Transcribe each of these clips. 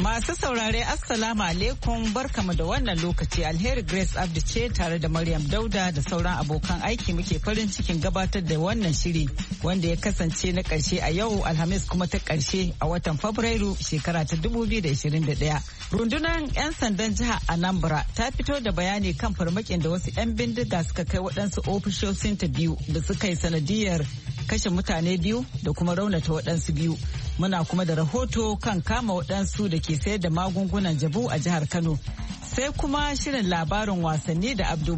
Masu saurare Assalamu alaikum barkamu da wannan lokaci alheri Grace Abdi ce tare da Maryam Dauda da sauran abokan aiki muke farin cikin gabatar da wannan shiri wanda ya kasance na karshe a yau Alhamis kuma ta karshe a watan Fabrairu shekara ta 2021. Rundunar 'yan sandan jiha Anambra ta fito da bayani kan farmakin da wasu 'yan bindiga suka kai waɗansu ta biyu da suka yi sanadiyar kashe mutane biyu da kuma raunata waɗansu biyu. Muna kuma da rahoto kan kama waɗansu da ke sayar da magungunan jabu a jihar Kano. Sai kuma shirin labarin wasanni da Abdul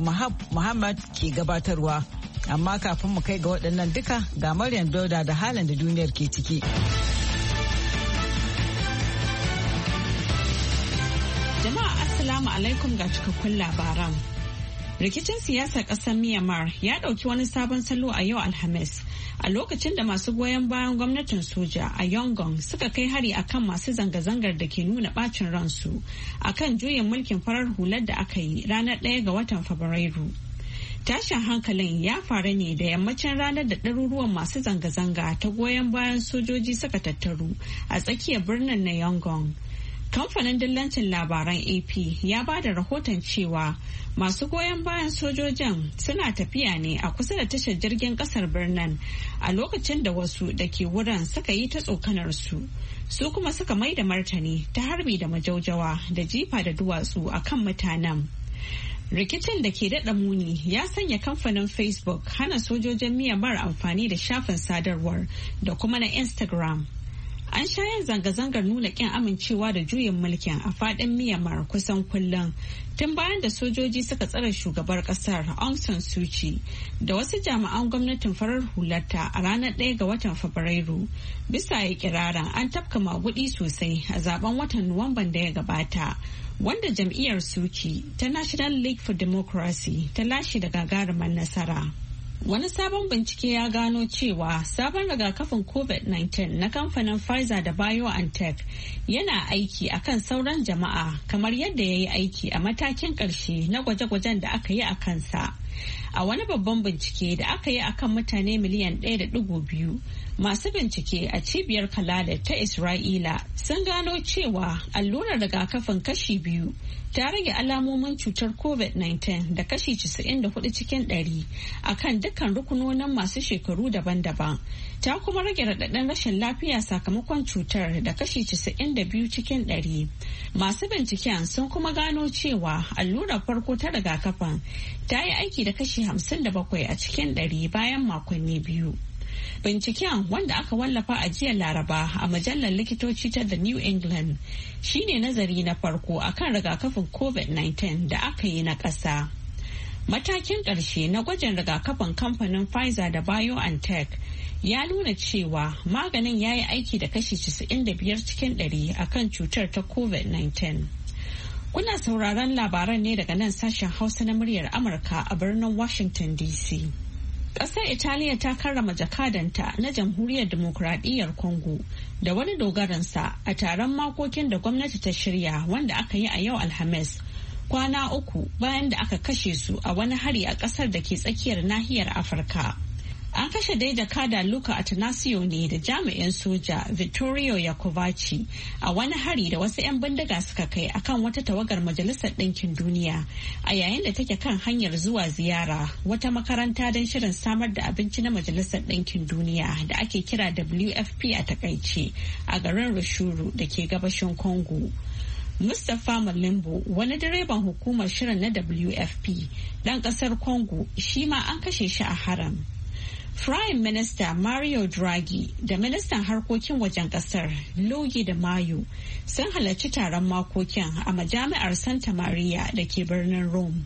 Muhammad ke gabatarwa. Amma kafin mu kai ga waɗannan duka ga Maryam Dauda da halin da duniyar ke ciki. Jama'a Assalamu alaikum ga cikakkun labaran. Rikicin siyasar ƙasar Myanmar ya ɗauki wani sabon salo a yau Alhamis a lokacin da masu goyon bayan gwamnatin soja a Yongon suka kai hari akan masu zanga-zangar da ke nuna bacin ransu a kan juyin mulkin farar hular da aka yi ranar 1 ga watan Fabrairu. Tashin hankalin ya faru ne da yammacin ranar da ɗaruruwan masu zanga-zanga ta goyon bayan sojoji suka tattaru a tsakiyar birnin na yongong Kamfanin dillancin labaran AP ya ba da rahoton cewa masu goyon bayan sojojin suna tafiya ne a kusa da tashar jirgin kasar birnin a lokacin da wasu da ke wurin suka yi ta tsokanar su. Su kuma suka mai da martani ta harbi da majaujawa da jifa da duwatsu a kan mutanen. Rikicin da ke daɗa muni ya sanya kamfanin Facebook hana sojojin miyamar amfani da shafin sadarwar da kuma na Instagram. An sha yin zanga-zangar nuna ƙin amincewa da juyin mulkin a faɗin Myanmar kusan kullum tun bayan da sojoji suka tsare shugabar ƙasar Aung San Suu Kyi da wasu jami'an gwamnatin farar hularta a ranar ɗaya ga watan Fabrairu. Bisa ya kirara an tafka maguɗi sosai a zaben watan Nuwamban da ya gabata. wanda jam'iyyar suci ta national league for democracy ta lashe da gagarumar nasara Wani sabon bincike ya gano cewa sabon rigakafin COVID-19 na kamfanin Pfizer da BioNTech yana aiki a kan sauran jama'a kamar yadda ya yi aiki a matakin ƙarshe na gwaje-gwajen da aka yi a kansa. A wani babban bincike da aka yi a kan mutane miliyan 1.2 Masu bincike a cibiyar Kaladat ta Isra'ila sun gano cewa allurar rigakafin kashi biyu ta rage alamomin cutar COVID-19 da kashi 94 cikin 100 a kan dukkan rukunonin masu shekaru daban-daban. Ta kuma rage raɗaɗin rashin lafiya sakamakon cutar da kashi 92 cikin 100. Masu binciken sun kuma gano cewa allurar farko ta rigakafin ta yi aiki da kashi 57 a cikin 100 bayan makonni biyu. Binciken wanda aka wallafa a jiya Laraba a mujallar likitoci ta The New England shine nazari na farko akan rigakafin COVID-19 da aka yi na ƙasa. Matakin ƙarshe na gwajin rigakafin kamfanin Pfizer da BioNTech ya nuna cewa maganin ya yi aiki da kashi 95 cikin 100 akan cutar ta COVID-19. Kuna sauraron labaran ne daga nan sashen Hausa na muryar Amurka a birnin Washington DC. Ƙasar Italiya ta karrama jakadanta na Jamhuriyar Demokuraɗiyyar Congo da wani dogaransa a taron makokin da gwamnati ta shirya wanda aka yi a yau Alhamis. Kwana uku bayan da aka kashe su a wani hari a ƙasar da ke tsakiyar nahiyar Afirka. An kashe dai Kada Luka Atanasio ne da jami'in soja Vittorio Yakovaci a wani hari da wasu 'yan bindiga suka kai akan wata tawagar Majalisar Ɗinkin Duniya a yayin da take kan hanyar zuwa ziyara wata makaranta don shirin samar da abinci na Majalisar Ɗinkin Duniya da ake kira WFP a takaice a garin Rushuru da ke gabashin Congo. Mustapha Malimbo wani direban hukumar shirin na WFP ɗan ƙasar Congo shi ma an kashe shi a haram. Prime Minister Mario Draghi da Ministan Harkokin Wajen Kasar Luigi da Mayo sun halarci taron makokin a majami'ar Santa Maria da ke birnin Rome.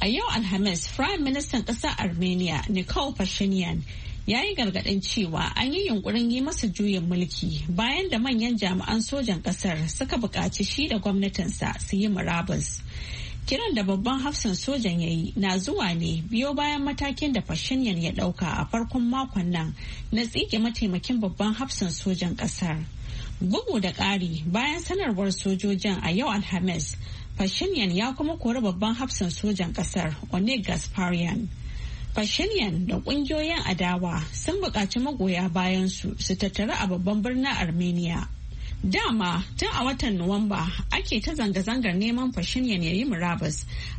A yau Alhamis, Prime Ministan Ƙasar Armenia Nikol Pashinyan ya yi gargaɗin cewa an yi yunkurin yi masa juyin mulki bayan da manyan jami'an sojan ƙasar suka buƙaci shi da gwamnatinsa su yi murabus. Kiran da babban hafsan sojan ya yi na zuwa ne biyo bayan matakin da Fashinyan ya ɗauka a farkon makon nan na tsige mataimakin babban hafsan sojan ƙasar. Bugu da ƙari bayan sanarwar sojojin a yau Alhamis, Fashinyan ya kuma kori babban hafsan sojan ƙasar one Gasparian. Fashinyan da ƙungiyoyin adawa sun buƙaci magoya bayansu su tattara a babban birnin Armenia Dama tun a watan Nuwamba ake ta zanga-zangar neman fashin ya yi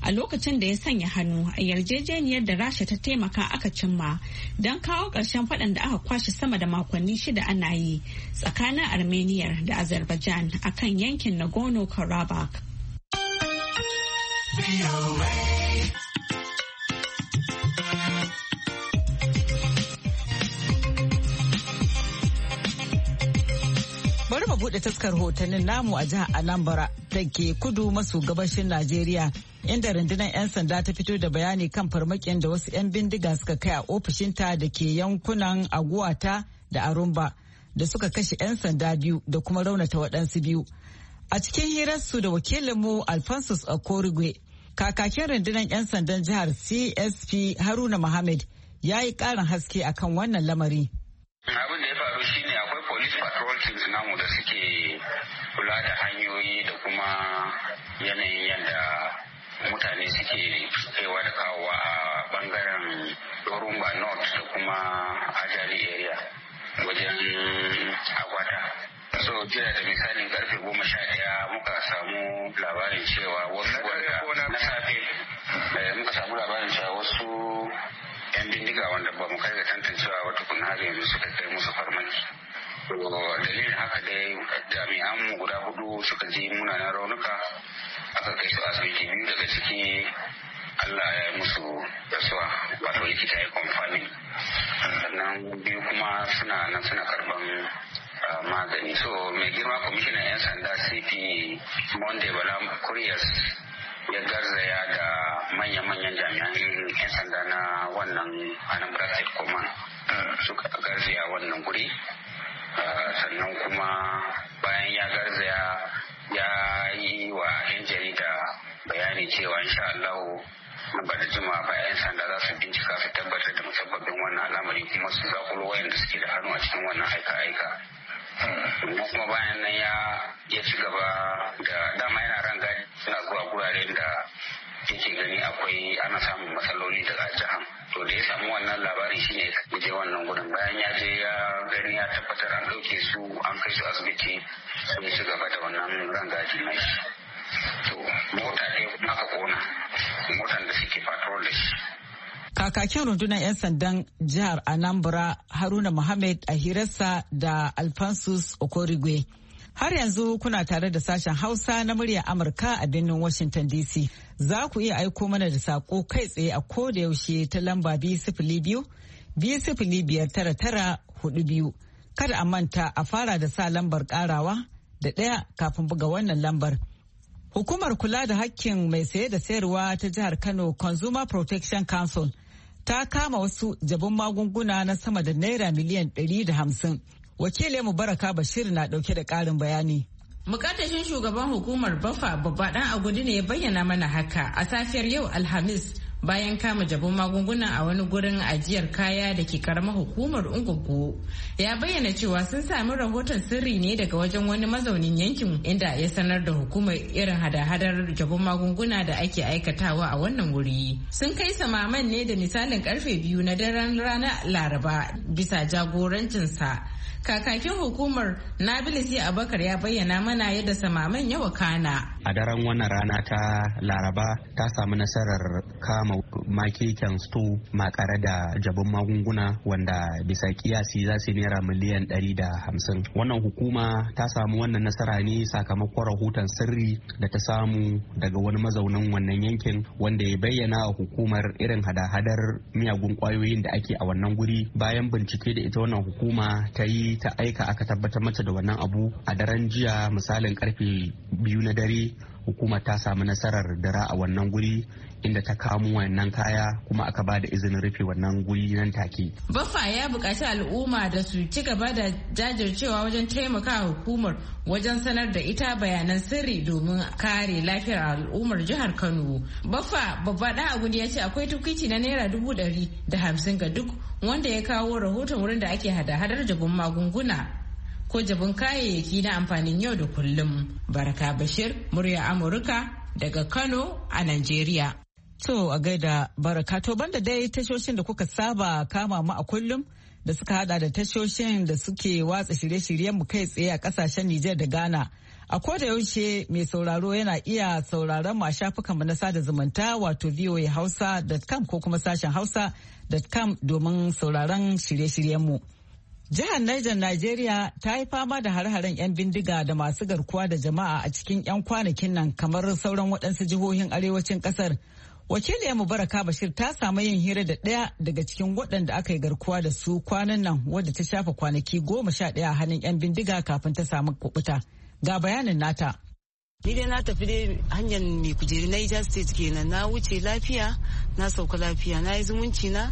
a lokacin da ya sanya hannu a yarjejeniyar da Rasha ta taimaka aka cimma don kawo ƙarshen faɗan da aka kwashe sama da makonni shida ana yi tsakanin Armenia da Azerbaijan a kan yankin Nagorno-Karabakh. mu bude taskar hotonin namu a jihar Anambra da ke kudu maso gabashin Najeriya inda rundunar 'yan sanda ta fito da bayani kan farmakin da wasu 'yan bindiga suka kai a ofishinta da ke yankunan Aguwata da Arumba da suka kashe 'yan sanda biyu da kuma raunata waɗansu biyu. A cikin hirarsu da wakilinmu Alphonsus Okorigwe, kakakin rundunar 'yan sandan jihar CSP Haruna muhammad ya yi ƙarin haske akan wannan lamari. kwamitoci namu da suke kula da hanyoyi da kuma yanayin yadda mutane suke kaiwa da kawowa a bangaren Yorumba North da kuma Ajali area wajen Agwata. So jiya da misalin karfe goma sha daya muka samu labarin cewa wasu wanda na safe eh, muka samu labarin cewa wasu 'yan bindiga wanda ba mu kai da tantancewa wata kun har yanzu suka kai musu farmaki. to dalilin haka dai jami'an mu guda hudu suka ji munanan raunuka aka kai su asibiti biyu daga ciki Allah ya yi musu rasuwa wato likita ya kwamfani sannan biyu kuma suna nan suna karban ah, magani so mai girma kwamishinan 'yan sanda cp monday bala kuriyas ya garzaya da manya-manyan jami'an 'yan sanda na wannan anambra state command suka garzaya wannan guri sannan kuma bayan ya garzaya ya yi wa 'yan jarida bayani cewa insha Allah ba da jima ba 'yan sanda za su bincika su tabbatar da musabbabin wannan al'amari kuma su zakulo wayanda suke da hannu a cikin wannan aika-aika kuma bayan nan ya ci gaba da dama yana rangadi suna zuwa guraren da yake gani akwai ana samun matsaloli daga jihar to da ya samu wannan labari shine ya je wannan gudun bayan ya je ya gani ya tabbatar an ɗauke su an kai su asibiti sun ci gaba da wannan rangaji na shi to mota ne aka kona motan da suke fatuwar da shi Kakakin rundunar 'yan sandan jihar Anambra Haruna muhammad a hirarsa da Alphonsus Okorigwe. Har yanzu kuna tare da sashen Hausa na muryar Amurka a birnin Washington DC. Za ku iya aiko mana da saƙo kai tsaye a ko da yaushe ta lamba biyu sifili biyu, biyu sifili biyar tara tara hudu biyu. Kada a manta a fara da sa lambar ƙarawa da ɗaya kafin buga wannan lambar. Hukumar kula da hakkin mai saye da sayarwa ta jihar Kano Consumer Protection Council ta kama wasu jabin magunguna na sama da naira miliyan 150 Wakilin Baraka Bashir na dauke da karin bayani. Mukatashin shugaban hukumar Bafa babba ɗan agudi ne ya bayyana mana haka a safiyar yau Alhamis bayan kama jabo magunguna a wani gurin ajiyar kaya da ke karamar hukumar ungugu ya bayyana cewa sun sami rahoton sirri ne daga wajen wani mazaunin yankin inda ya sanar da hukumar irin hada-hadar jabon magunguna da ake aikatawa a wannan wuri sun kai samaman ne da misalin karfe biyu na daren ranar laraba bisa jagorancinsa Kakakin hukumar Nabilisi Abakar ya bayyana mana yadda samaman ya Kana. A daren wannan rana ta Laraba ta samu nasarar kama makeken sto makare da jabin magunguna wanda bisa kiyasi za su naira miliyan 150. Wannan hukuma ta samu wannan nasara ne sakamakon rahoton sirri da ta samu daga wani mazaunin wannan yankin wanda ya bayyana a hukumar irin hada-hadar miyagun kwayoyin da ake a wannan guri bayan bincike da ita wannan hukuma ta yi ta aika aka tabbatar mata da wannan abu a daren jiya misalin karfe biyu na dare hukuma ta samu nasarar dara a wannan guri inda ta kamo wannan kaya kuma aka ba da izinin rufe wannan guri nan take. Baffa ya buƙaci al'umma da su ci gaba da jajircewa wajen taimaka hukumar wajen sanar da ita bayanan sirri domin kare lafiyar al'ummar jihar Kano. Baffa babba da agudi ya ce akwai tukwici na naira dubu ɗari da hamsin ga duk wanda ya kawo rahoton wurin da ake hada-hadar jabin magunguna. ko jabin kayayyaki na amfanin yau da kullum. Baraka Bashir, murya Amurka daga Kano a Najeriya. To a gaida baraka to banda dai tashoshin da kuka saba kama mu a kullum da suka hada da tashoshin da suke watsa shirye-shiryen mu kai tsaye a kasashen Nijar da Ghana. A koda yaushe mai sauraro yana iya sauraron mu a shafukan mu na sada zumunta wato Hausa.com ko kuma sashen hausa.com domin sauraron shirye-shiryen mu. Jihar Niger Najeriya ta yi fama da har haren 'yan bindiga da masu garkuwa da jama'a a cikin 'yan kwanakin nan kamar sauran waɗansu jihohin arewacin ƙasar. Wakiliyar Mubaraka Bashir ta samu yin hira da ɗaya daga cikin waɗanda aka yi garkuwa da su kwanan nan wadda ta shafa kwanaki goma sha ɗaya a hannun 'yan bindiga kafin ta samu kubuta. Ga bayanin nata. Ni dai na tafi dai hanyar mai kujeri Niger State kenan na wuce lafiya na sauka lafiya na yi zumunci na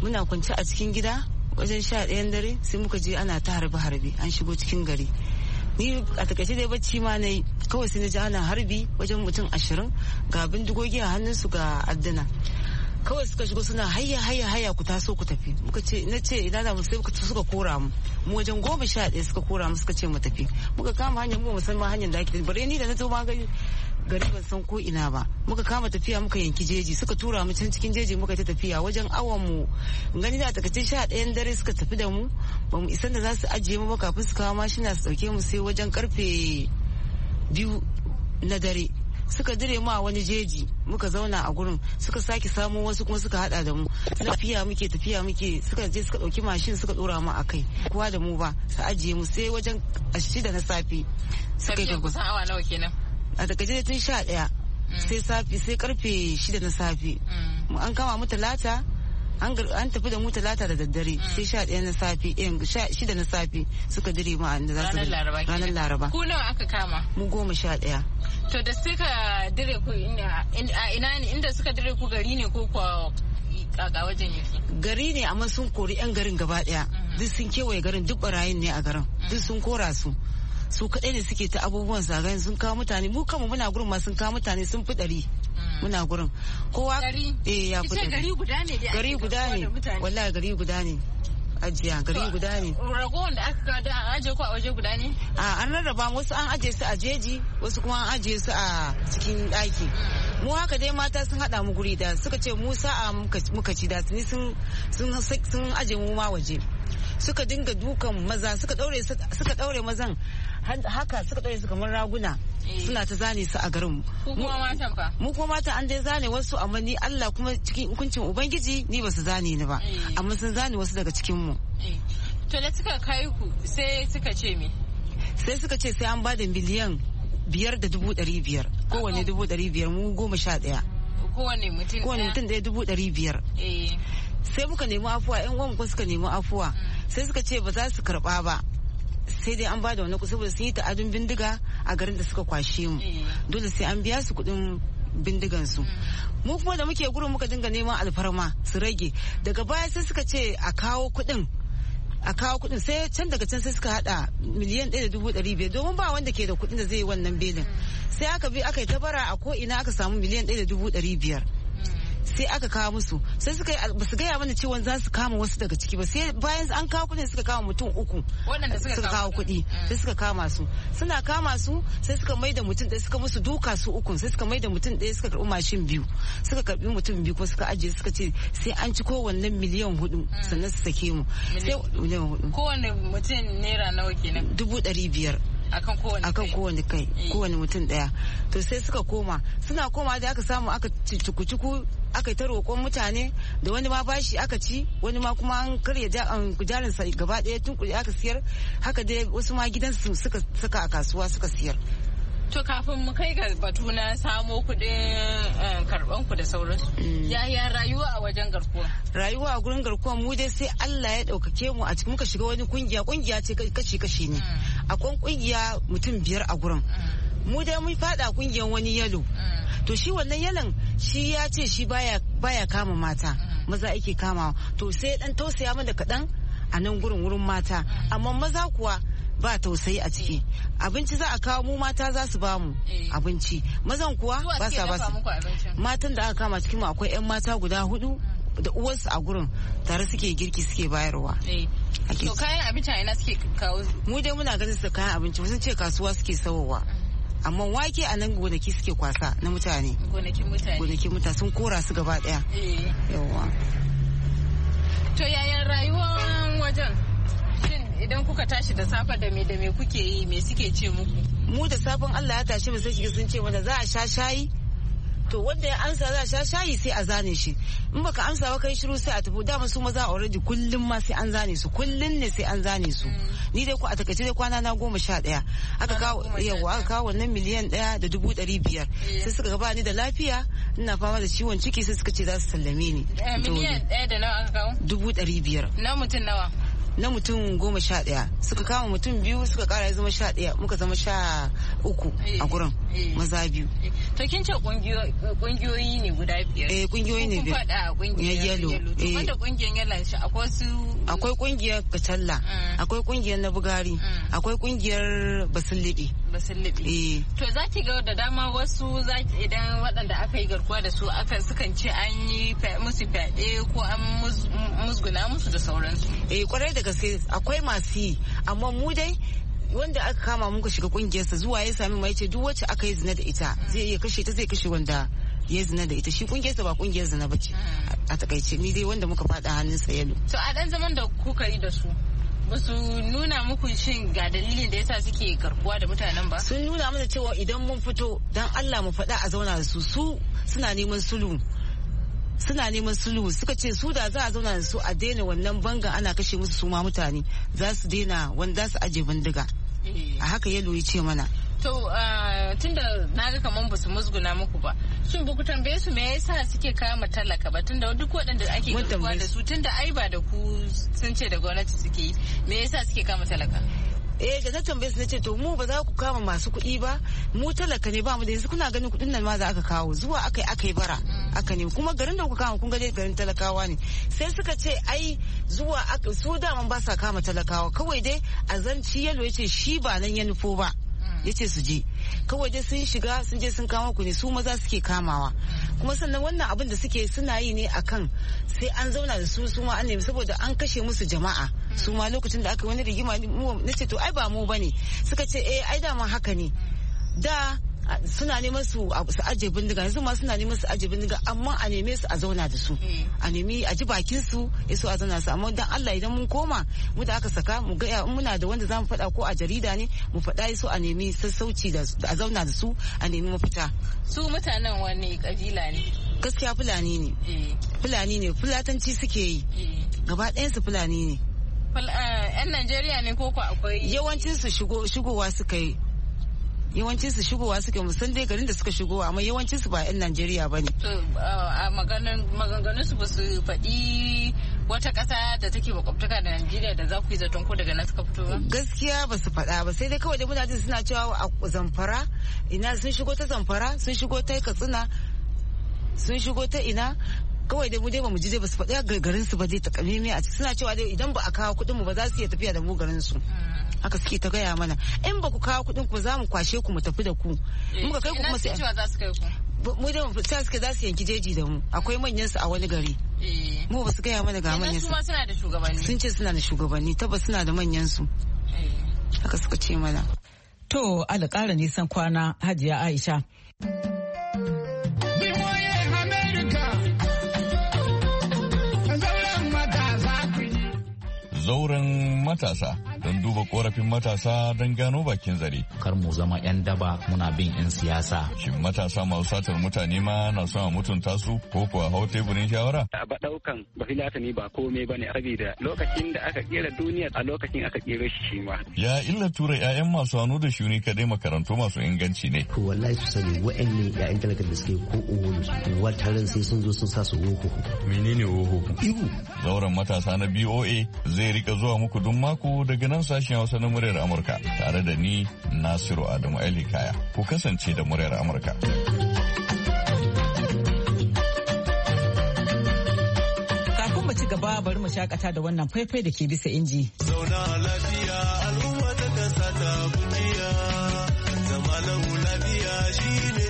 muna kwanci a cikin gida wajen sha ɗayan dare sai muka je ana ta harbe harbe an shigo cikin gari ni a takaice dai bacci ma na yi kawai sai na ji ana harbi wajen mutum ashirin ga bindigogi a hannunsu ga addana kawai suka shigo suna haya haya haya ku taso ku tafi muka ce na ce ina da sai muka suka kora mu mu wajen goma sha ɗaya suka kora mu suka ce mu tafi muka kama hanyar mu musamman hanyar da ake bare ni da na zo ma gari ban san ko ina ba muka kama tafiya muka yanki jeji suka tura mu can cikin jeji muka ta tafiya wajen awon mu gani da takaice sha ɗayan dare suka tafi da mu ba mu isan da za su ajiye mu ba kafin su kawo mashina su dauke mu sai wajen karfe biyu na dare suka dire mu a wani jeji muka zauna a gurin suka sake samo wasu kuma suka hada da mu tafiya muke tafiya muke suka je suka dauki mashin suka dora mu a kai kowa da mu ba su ajiye mu sai wajen shida na safe suka yi kusan awa nawa kenan a takaice tun sha daya mm. sai safi sai karfe shida na safe mm. an kama mu talata an tafi da mu talata da daddare mm. sai sha ɗaya na safi eh, shida na safi suka dire mu a za su ranar laraba ku nawa aka kama mu goma sha ɗaya to da suka dire ku ina ina ne inda suka dire ku gari ne ko kwa kaka wajen yake gari ne amma sun kori yan garin gaba ɗaya mm. duk sun kewaye garin duk barayin ne a garin mm. duk sun kora su su kaɗai ne suke ta abubuwan zagayen sun kawo mutane mu kama muna gurin ma sun kawo mutane sun fi ɗari muna gurin kowa eh ya guda gari guda ne gari guda ne wallahi gari guda ne ajiya gari guda ne. Ragowar da aka da an aje ku a waje guda ne? A an rarraba wasu an aje su a jeji wasu kuma an aje su a cikin daki Mu haka dai mata sun haɗa mu guri da suka ce mu sa'a muka ci da sun sun aje mu ma waje. suka dinga dukan maza suka daure suka daure mazan haka suka daure su kamar raguna eh. suna ta zane su a garin mu kuma mata an dai zane wasu amma ni Allah kuma cikin hukuncin ubangiji ni ba su zane ni ba eh. amma sun zane wasu daga cikin mu eh. to da suka kai ku sai suka ce me sai suka ce sai an bada miliyan biyar da dubu ɗari biyar kowane dubu ɗari biyar mu goma sha ɗaya kowane mutum kowane dubu ɗari biyar eh. sai muka nemi afuwa yan uwan suka nemi afuwa mm. sai suka ce ba za su karɓa ba sai dai an bada wani kuɗi saboda sun yi ta'adun bindiga a garin da suka kwashe mu eh. dole sai an biya su kuɗin bindigan su mm. mu kuma da muke gurin muka dinga neman alfarma su rage daga baya sai suka ce a kawo kuɗin a kawo kuɗin sai can daga can sai suka hada miliyan ɗaya da dubu ɗari biyar domin ba wanda ke da kuɗin da zai yi wannan belin sai aka bi aka yi ta bara a ko ina aka samu miliyan ɗaya da dubu ɗari biyar sai aka kawo musu sai suka ba su gaya mana cewa za su kama wasu daga ciki ba sai bayan an kawo kudin suka kama mutum uku suka kawo kuɗi sai suka kama su suna kama su sai suka mai da mutum ɗaya suka musu duka su uku sai suka mai da mutum ɗaya suka karɓi mashin biyu suka karɓi mutum biyu ko suka ajiye suka ce sai an ci kowanne miliyan hudu hmm. sannan su sake mu sai miliyan hudu kowanne mutum naira nawa kenan dubu ɗari biyar akan kowane kai kowane eh. mutum daya to sai suka koma suna koma da aka samu aka cikuciku aka yi ta roƙon mutane da wani ma bashi aka ci wani ma kuma an karya jarinsa gaba ɗaya tun kuɗi aka siyar haka dai wasu ma gidansu suka saka a kasuwa suka siyar To kafin mu kai ga batu na samo kuɗin eh, karɓan ku da mm. ya ya rayuwa a wajen garkuwa? Rayuwa a gurin garkuwa mu dai sai Allah ya ɗaukake mu a cikin muka shiga wani kungiya kungiya ce kashi kashi ne. Mm. Akwai kungiya mutum biyar a gurin. Mm. mu dai mun fada kungiyar wani yalo mm. to shi wannan yalon shi ya ce shi baya baya kama mata mm. maza ake kama to sai dan tausaya da kaɗan a nan gurin wurin mata mm. amma maza kuwa ba tausayi a ciki abinci za a kawo mu mata za su ba mu eh. abinci mazan kuwa ba sa ba su matan da aka kama cikin mu akwai yan mata guda hudu da uwansu a gurin tare suke girki suke bayarwa eh. to kayan abinci a ina suke kawo mu dai muna ganin su kayan abinci sun ce kasuwa suke sawowa amma wake a nan gonaki suke kwasa na mutane gonakin mutane sun kora su gaba daya eh. yawa to yayan rayuwar wajen shin idan kuka tashi da safa da me da me kuke yi me suke ce muku mu da safin Allah ya tashi mu sai sun ce mana za a sha shayi to wanda ya ansa za sha shayi sai a zane shi in baka amsa ba kai shiru sai a tafi dama su maza already kullum ma sai an zane su kullum ne sai an zane su mm. ni dai ku a takaice dai kwana na goma sha daya aka kawo yawa aka kawo wannan miliyan daya da dubu dari biyar sai suka gaba ni da lafiya ina fama da ciwon ciki sai suka ce za su sallame ni eh, miliyan daya da nawa aka kawo dubu dari biyar na mutum nawa na mutum goma sha ɗaya suka kama mutum biyu suka kara ya zama sha ɗaya muka zama sha uku a gurin maza biyu to kin ce kungiyoyi ne guda biyar eh kungiyoyi ne biyar kun faɗa yalo eh wanda kungiyan yalla shi akwai su akwai kungiyar kacalla mm. akwai kungiyar na bugari mm. akwai kungiyar basilliɗi ba sun liɓe. To za ki ga da dama wasu idan waɗanda aka yi garkuwa da su aka sukan ce an yi musu fyaɗe ko an musguna musu da sauransu. Eh kwarai da gaske akwai masu yi amma mu dai wanda aka kama muka shiga kungiyarsa zuwa ya sami mai ce duk wacce aka yi zina da ita zai iya kashe ta zai kashe wanda ya zina da ita shi kungiyarsa ba kungiyar zina ba ce mm. a takaice ni dai wanda muka faɗa sa yalo. To a ɗan zaman da kuka yi da su su nuna muku shin ga dalilin da yasa suke garkuwa da mutanen ba sun nuna mana cewa idan mun fito dan Allah mu faɗa a zauna da su su suna neman sulhu suna neman sulhu suka ce su da za a zauna da su a daina wannan bangan ana kashe musu su ma mutane za su daina wanda su aje bindiga eh. a haka yalo ya ce mana To ah, tunda na ga kamar ba su musguna muku ba. Shin ba ku tambaye su me yasa suke kama talaka ba tunda duk waɗanda ake gudunwa da su tunda ai ba da ku sun ce da gwamnati suke yi me yasa suke kama talaka? eh da ta tambaye su na ce to mu ba za ku kama masu kuɗi ba mu talaka ne ba mu da yanzu kuna ganin kuɗin nan ma za aka kawo zuwa akai akai bara aka ne kuma garin da kuka kama kun gane garin talakawa ne sai suka ce ai zuwa su daman ba sa kama talakawa kawai dai a zanci yalo ya ce shi ba nan ya nufo ba ya ce su je kawai dai sun shiga sun je sun kama ku ne su maza suke kamawa kuma sannan wannan abin da suke suna yi ne akan sai an zauna da su su ma an nemi saboda an kashe musu jama'a su ma lokacin da aka wani rigima na ce to ai ba mu bane suka ce eh ai dama haka ne da suna neman su su aje bindiga yanzu ma suna neman su aje bindiga amma a neme su a zauna da su hmm. a nemi a ji bakin su yaso a zauna su amma dan Allah idan mun koma mu da aka saka mu ga muna da wanda zamu faɗa ko a jarida ne mu faɗa su a nemi sassauci da a zauna da su a nemi mafita su mutanen wani kabila ne gaskiya fulani ne hmm. fulani ne fulatanci suke yi hmm. gaba ɗayan su fulani ne eh, 'yan Najeriya ne koko akwai yawancin su shigowa suka yi yawancin su shigowa suke musan dai garin da suka shigowa amma yawancin su ba 'yan Najeriya ba ne. A maganganun su ba su faɗi wata ƙasa da take makwabtaka da Najeriya da za ku yi zaton ko daga nan suka fito ba? Gaskiya ba su faɗa ba sai dai kawai da mutane suna cewa a zamfara ina sun shigo ta zamfara sun shigo ta katsina sun shigo ta ina kawai dai mu dai bamu ji dai basu faɗi garin su ba dai takamaimai a suna cewa dai idan ba a kawo kuɗin mu ba za su iya tafiya da mu garin su mm. haka suke ta gaya mana in ba ku kawo kuɗin ku za mu kwashe ku mu tafi da ku eh, muka kai ku kuma sai mu dai mu ta suke za su yanki jeji da mu akwai mm. manyan su a wani gari eh. mu ba su gaya mana ga manyan su suna da shugabanni sun ce suna da shugabanni tabbas suna da manyan su eh. haka suka ce mana to alƙara nisan kwana hajiya aisha zauren matasa don duba korafin matasa don gano bakin zare. Kar mu zama 'yan daba muna bin 'yan siyasa. Shin matasa masu satar mutane ma na son a mutunta su ko kuwa hau teburin shawara? A ba ɗaukan ba ba komai ba ne saboda lokacin da aka kera duniya a lokacin aka kera shi shi ma. Ya illa tura 'ya'yan masu hannu da shuni kadai makarantu masu inganci ne. To wallahi su sani ne 'ya'yan talaka da suke ko uwanu su taron sai sun zo sun sa su woho. Menene woho? Ibu. Zauren matasa na BOA zai rika zuwa muku duk mako daga nan nan sashen Hausa na muryar Amurka tare da ni Nasiru Adamu Ali Kaya. Ku kasance da muryar Amurka. Kafin mu ci gaba bari mu shakata da wannan faifai da ke bisa inji. Zauna lafiya al'umma ta kasa ta zama lahu lafiya shine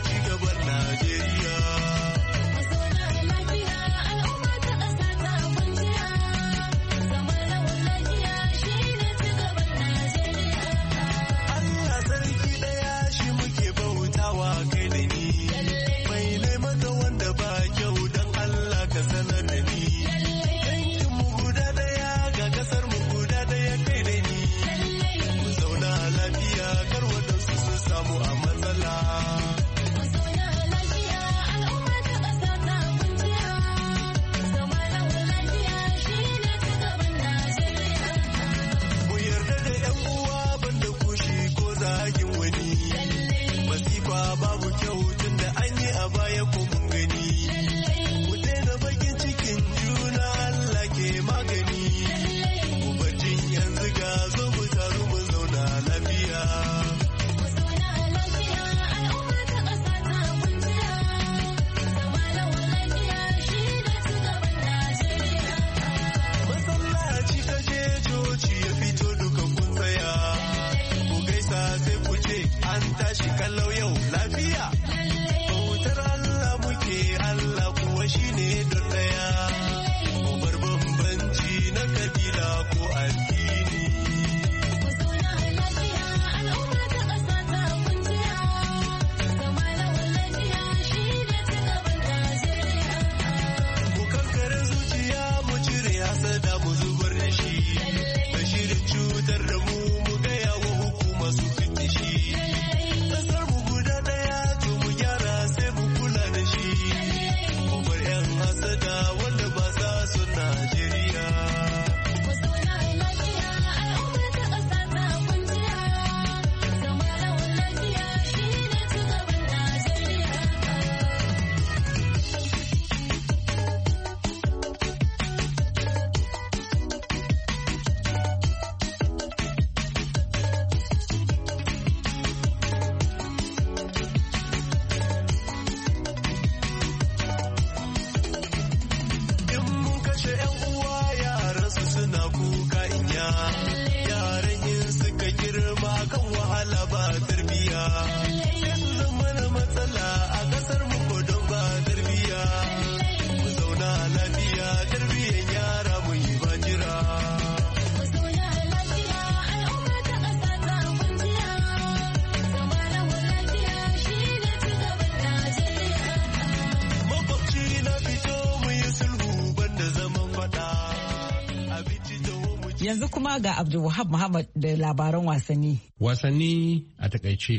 Yanzu kuma ga Abdulwahab Muhammad da labaran wasanni. Wasanni a takaice.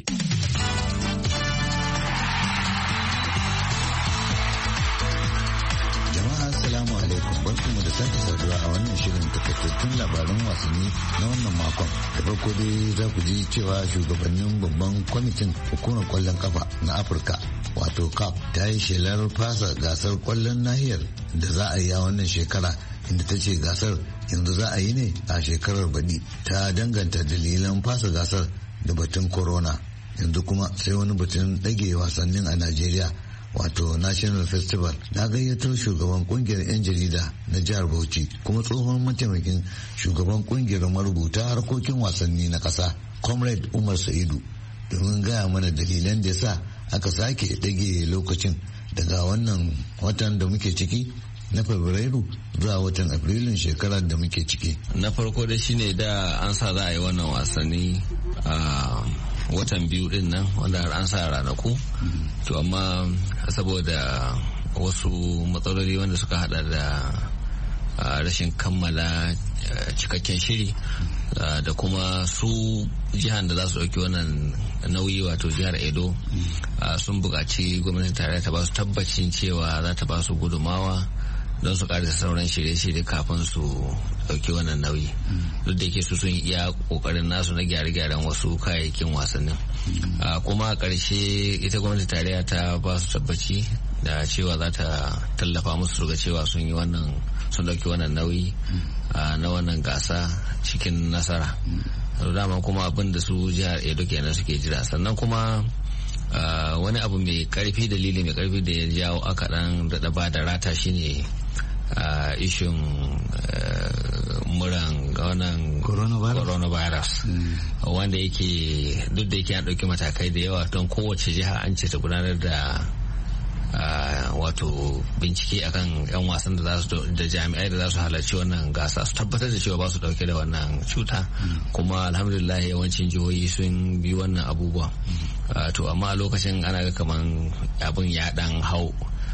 Jama'a Assalamu alaikum mu da sake saduwa a wannan shirin takaitattun labaran wasanni na wannan makon. Da farko dai za ku ji cewa shugabannin babban kwamitin hukumar kwallon kafa na Afirka wato CAF ta yi shelar fasa gasar kwallon nahiyar da za a yi a wannan shekara inda ta ce gasar yanzu za a yi ne a shekarar baɗi ta danganta dalilan fasa gasar da batun corona yanzu kuma sai wani batun ɗage wasannin a najeriya wato national festival na gayyato shugaban kungiyar 'yan jarida na jihar bauchi kuma tsohon mataimakin shugaban kungiyar marubuta harkokin wasanni na ƙasa comrade umar sa'idu domin gaya mana dalilan da ya sa aka sake ɗage lokacin daga wannan watan da muke ciki na fabrairu zuwa watan afrilun shekarar da muke ciki na farko da shine da an sa za a yi wannan wasanni a watan biyu din nan wanda an sa ranaku to amma saboda wasu matsaloli wanda suka hada da rashin kammala cikakken shiri da kuma su jihar da za su ɗauki wannan nauyi wato jihar edo sun buƙaci gwamnatin tare ta ba su tabbacin cewa za ta ba su gudumawa don su ƙara sauran shirye-shirye kafin su dauki wannan nauyi mm. duk da ke su sun iya kokarin nasu na gyare-gyaren wasu kayayyakin wasannin mm. ah, kuma a karshe ita gwamnati tarayya ta ba su tabbaci da cewa za ta tallafa musu ga cewa sun yi wannan sun dauki wannan nauyi mm. ah, na wannan gasa cikin nasara dama kuma abin da su jihar edo kenan suke jira sannan kuma ah, wani abu mai karfi dalili mai karfi da ya jawo aka dan dada ba da rata shine ishin eh, muran wannan coronavirus hmm. wanda yake duk da yake an ɗauki matakai da yawa don kowace jiha an ce ta gudanar da wato bincike akan yan wasan da jami'ai da za su halarci wannan gasa su tabbatar da cewa ba su dauke da wannan cuta hmm. kuma alhamdulillah yawancin jihohi sun bi wannan abubuwa hmm. to amma lokacin ana ga kamar abin ya dan hau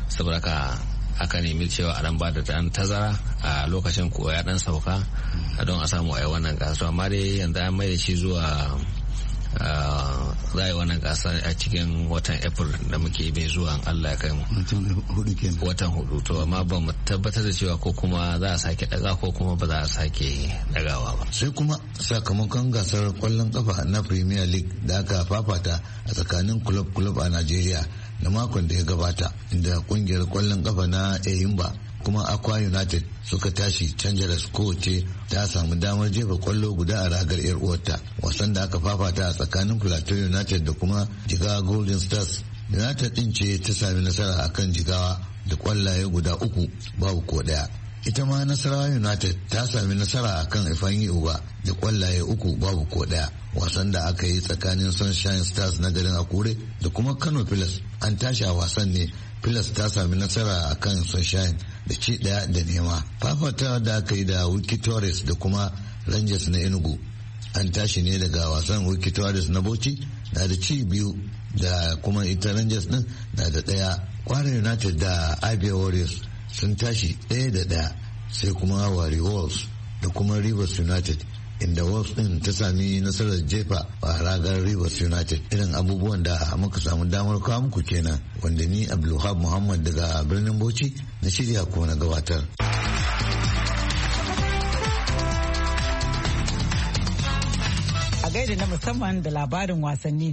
saboda ka aka nemi cewa a dan da dan tazara a lokacin ko ya dan sauka don a samu a yi wannan gasa amma dai yanzu an mai shi zuwa za a yi wannan gasa a cikin watan april da muke mai zuwa allah ya kai mu watan hudu to amma ba mu tabbatar da cewa ko kuma za a sake daga ko kuma ba za a sake dagawa ba sai kuma sakamakon gasar kwallon kafa na premier league da aka fafata a tsakanin club club a nigeria na makon da ya gabata inda kungiyar kwallon kafa na eyimba kuma aqua united suka tashi can jaras kowace ta samu damar jefa kwallo guda a ragar yar uwarta wasan da aka fafata a tsakanin plateau united da kuma jigawa golden stars united din ce ta sami nasara akan jigawa da kwallaye guda uku babu ko daya ita ma nasarawa united ta sami nasara akan ifanyi uba da kwallaye uku babu ko daya wasan da aka yi tsakanin sunshine stars na garin akure da kuma kano pilas an tashi a wasan ne pilas ta sami nasara a kan sunshine da ci daya da nema fafatawa da aka yi da wiki da kuma rangers na enugu an tashi ne daga wasan wiki na bauchi na da ci biyu da kuma ita rangers din na da daya kwara united da abia warriors sun tashi daya da daya sai kuma wari wolves da kuma rivers united inda Wolves din ta sami nasarar jefa a ragar Rivers United irin abubuwan da muka samu damar kawo muku kenan wanda ni Abdulhab Muhammad daga birnin Bauchi na shirya kuma na gabatar. A gaida na musamman da labarin wasanni.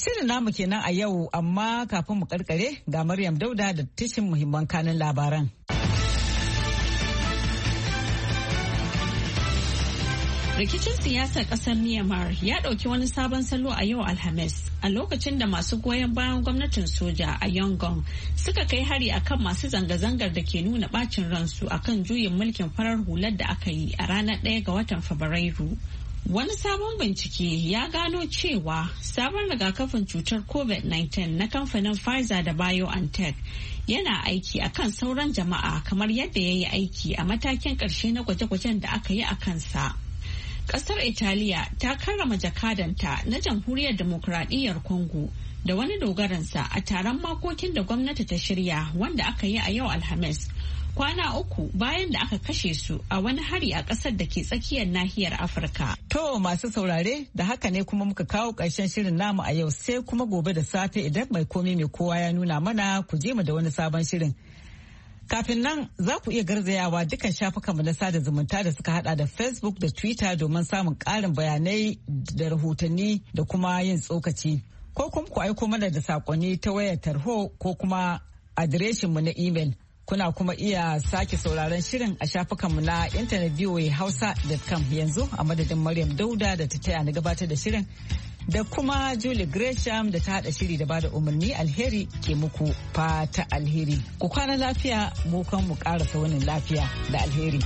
Shirin namu kenan a yau amma kafin mu karkare ga Maryam Dauda da tishin muhimman kanin labaran. Rikicin siyasar ƙasar Myanmar ya ɗauki wani sabon salo a yau Alhamis a lokacin da masu goyon bayan gwamnatin soja a Yangon suka kai hari akan masu zanga-zangar da ke nuna ɓacin ransu akan juyin mulkin farar hular da aka yi a ranar ɗaya ga watan Fabrairu. Wani sabon bincike ya gano cewa sabon rigakafin cutar COVID-19 na kamfanin Pfizer da BioNTech yana aiki a kan sauran jama'a kamar yadda ya yi aiki a matakin ƙarshe na gwaje-gwajen da aka yi a kansa. Kasar Italiya ta karrama jakadanta na jamhuriyar demokuraɗiyyar Congo da wani dogaransa a taron makokin da gwamnati ta shirya wanda aka yi a yau Alhamis. kwana uku bayan da aka kashe su a wani hari a ƙasar da ke tsakiyar nahiyar Afirka. To masu saurare da haka ne kuma muka kawo ƙarshen shirin namu a yau sai kuma gobe da safe idan mai komi mai kowa ya nuna mana ku je mu da wani sabon shirin. Kafin nan za ku iya garzayawa dukkan mu na sada zumunta da suka hada da Facebook da Twitter domin samun ƙarin bayanai da rahotanni da kuma yin tsokaci. Ko kuma ku aiko mana da sakonni ta wayar tarho ko kuma mu na email. Kuna kuma iya sake sauraron shirin a shafukanmu na intanet voahausa.com yanzu a madadin Maryam Dauda da ta taya na gabatar da shirin. da kuma Julie Gresham da ta hada shiri da bada umarni alheri ke muku fata alheri. Ku kwana lafiya mu kan mu karasa wani lafiya da alheri.